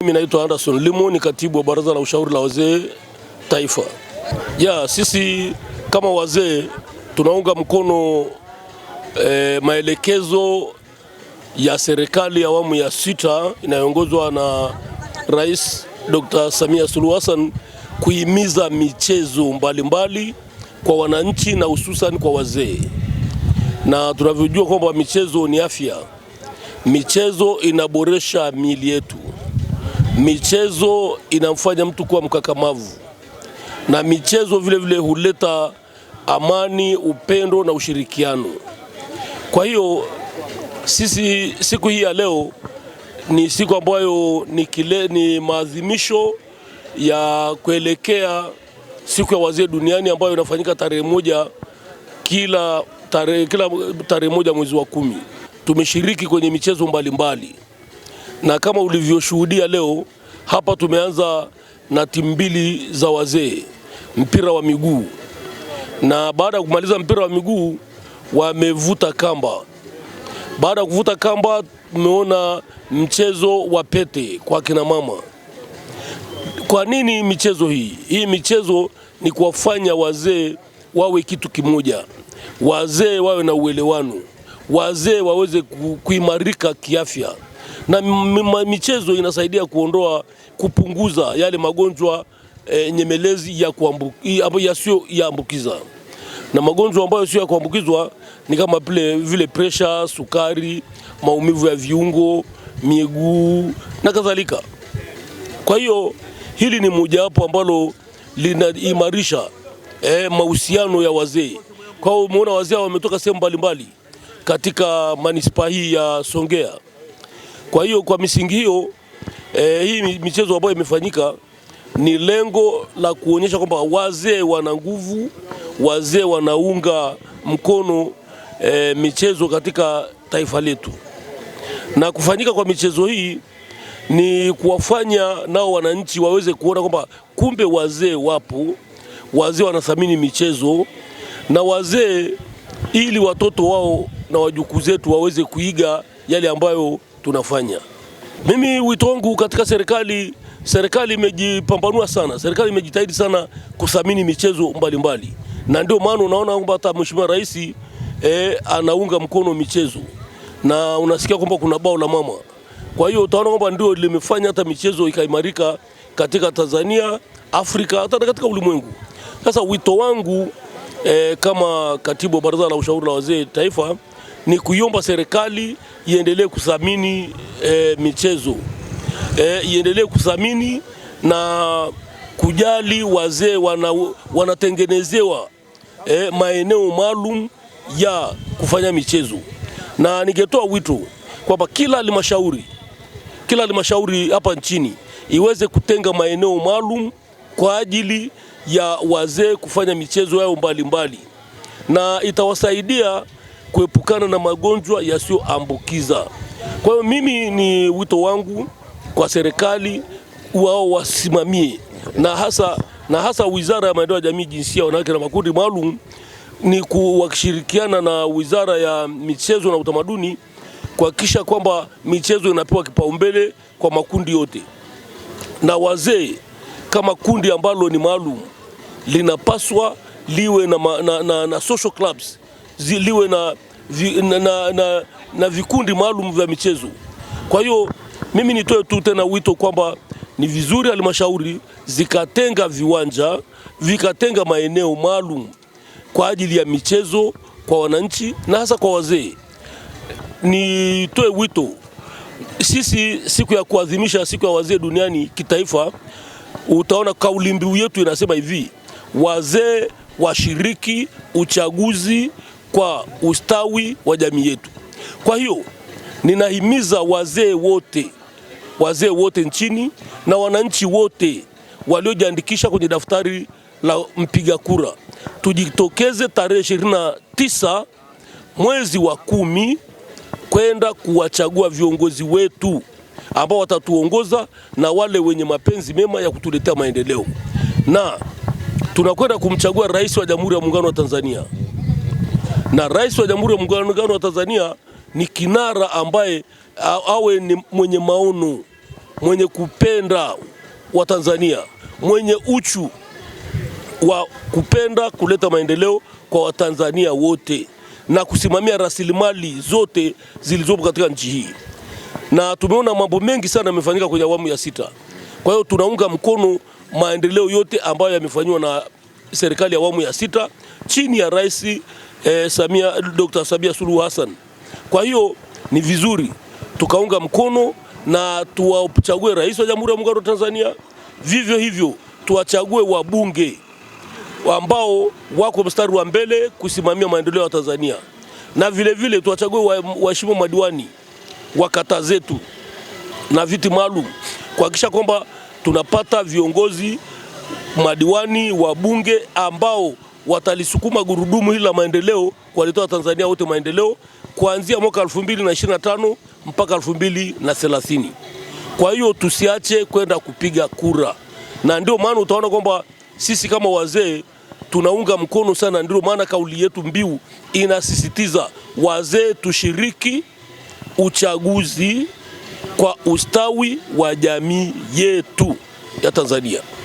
Mimi naitwa Anderson Limo, ni katibu wa baraza la ushauri la wazee taifa. Ya sisi kama wazee tunaunga mkono e, maelekezo ya serikali ya awamu ya sita inayoongozwa na Rais Dr. Samia Suluhu Hassan kuhimiza michezo mbalimbali mbali kwa wananchi na hususan kwa wazee, na tunavyojua kwamba michezo ni afya, michezo inaboresha miili yetu michezo inamfanya mtu kuwa mkakamavu, na michezo vile vile huleta amani, upendo na ushirikiano. Kwa hiyo sisi siku hii ya leo ni siku ambayo ni, kile, ni maadhimisho ya kuelekea siku ya wazee duniani ambayo inafanyika tarehe moja kila tarehe kila tarehe moja mwezi wa kumi. Tumeshiriki kwenye michezo mbalimbali mbali na kama ulivyoshuhudia leo hapa tumeanza na timu mbili za wazee mpira wa miguu, na baada ya kumaliza mpira wa miguu wamevuta kamba. Baada ya kuvuta kamba, tumeona mchezo wa pete kwa kina mama. Kwa nini michezo hii? Hii michezo ni kuwafanya wazee wawe kitu kimoja, wazee wawe na uelewano, wazee waweze kuimarika kiafya na michezo inasaidia kuondoa, kupunguza yale magonjwa e, nyemelezi ya yasiyo yaambukiza na magonjwa ambayo sio ya kuambukizwa ni kama vile presha, sukari, maumivu ya viungo, miguu na kadhalika. Kwa hiyo hili ni mojawapo ambalo linaimarisha eh, mahusiano ya wazee. Kwa hiyo umeona wazee wametoka sehemu mbalimbali katika manispaa hii ya Songea. Kwa hiyo kwa misingi hiyo e, hii michezo ambayo imefanyika ni lengo la kuonyesha kwamba wazee wana nguvu, wazee wanaunga mkono e, michezo katika taifa letu, na kufanyika kwa michezo hii ni kuwafanya nao wananchi waweze kuona kwamba kumbe wazee wapo, wazee wanathamini michezo na wazee, ili watoto wao na wajukuu zetu waweze kuiga yale ambayo tunafanya. Mimi wito wangu katika serikali, serikali imejipambanua sana, serikali imejitahidi sana kuthamini michezo mbalimbali, mbali. na ndio maana unaona kwamba hata Mheshimiwa Rais e, anaunga mkono michezo na unasikia kwamba kuna bao la mama. Kwa hiyo utaona kwamba ndio limefanya hata michezo ikaimarika katika Tanzania, Afrika, hata katika ulimwengu. Sasa wito wangu e, kama katibu wa Baraza la Ushauri la Wazee Taifa ni kuiomba serikali iendelee kuthamini e, michezo e, iendelee kuthamini na kujali wazee wana, wanatengenezewa e, maeneo maalum ya kufanya michezo, na ningetoa wito kwamba kila halmashauri kila halmashauri hapa nchini iweze kutenga maeneo maalum kwa ajili ya wazee kufanya michezo yao mbalimbali na itawasaidia kuepukana na magonjwa yasiyoambukiza. Kwa hiyo mimi ni wito wangu kwa serikali wao wasimamie na hasa, na hasa Wizara ya Maendeleo ya Jamii, Jinsia, Wanawake na Makundi Maalum ni kuwashirikiana na Wizara ya Michezo na Utamaduni kuhakikisha kwamba michezo inapewa kipaumbele kwa makundi yote, na wazee kama kundi ambalo ni maalum linapaswa liwe na, na, na, na social clubs liwe na, na, na, na, na vikundi maalum vya michezo. Kwa hiyo mimi nitoe tu tena wito kwamba ni vizuri halmashauri zikatenga viwanja vikatenga maeneo maalum kwa ajili ya michezo kwa wananchi na hasa kwa wazee. Nitoe wito sisi, siku ya kuadhimisha siku ya wazee duniani kitaifa, utaona kauli mbiu yetu inasema hivi: wazee washiriki uchaguzi kwa ustawi wa jamii yetu. Kwa hiyo ninahimiza wazee wote, wazee wote nchini na wananchi wote waliojiandikisha kwenye daftari la mpiga kura tujitokeze tarehe 29 mwezi wa kumi kwenda kuwachagua viongozi wetu ambao watatuongoza na wale wenye mapenzi mema ya kutuletea maendeleo, na tunakwenda kumchagua rais wa Jamhuri ya Muungano wa Tanzania na Rais wa Jamhuri ya Muungano wa Tanzania ni kinara ambaye awe ni mwenye maono, mwenye kupenda wa Tanzania, mwenye uchu wa kupenda kuleta maendeleo kwa Watanzania wote na kusimamia rasilimali zote zilizopo katika nchi hii, na tumeona mambo mengi sana yamefanyika kwenye awamu ya sita. Kwa hiyo tunaunga mkono maendeleo yote ambayo yamefanywa na serikali ya awamu ya sita chini ya Rais eh, Samia, Dr. Samia Suluhu Hassan. Kwa hiyo ni vizuri tukaunga mkono na tuwachague rais wa Jamhuri ya Muungano wa Tanzania, vivyo hivyo tuwachague wabunge ambao wako mstari wa mbele kusimamia maendeleo ya Tanzania, na vilevile tuwachague waheshimiwa wa madiwani wa kata zetu na viti maalum kuhakikisha kwamba tunapata viongozi madiwani, wabunge ambao watalisukuma gurudumu hili la maendeleo kuwaletea tanzania wote maendeleo kuanzia mwaka 2025 mpaka 2030. Kwa hiyo tusiache kwenda kupiga kura, na ndio maana utaona kwamba sisi kama wazee tunaunga mkono sana. Ndio maana kauli yetu mbiu inasisitiza wazee tushiriki uchaguzi kwa ustawi wa jamii yetu ya Tanzania.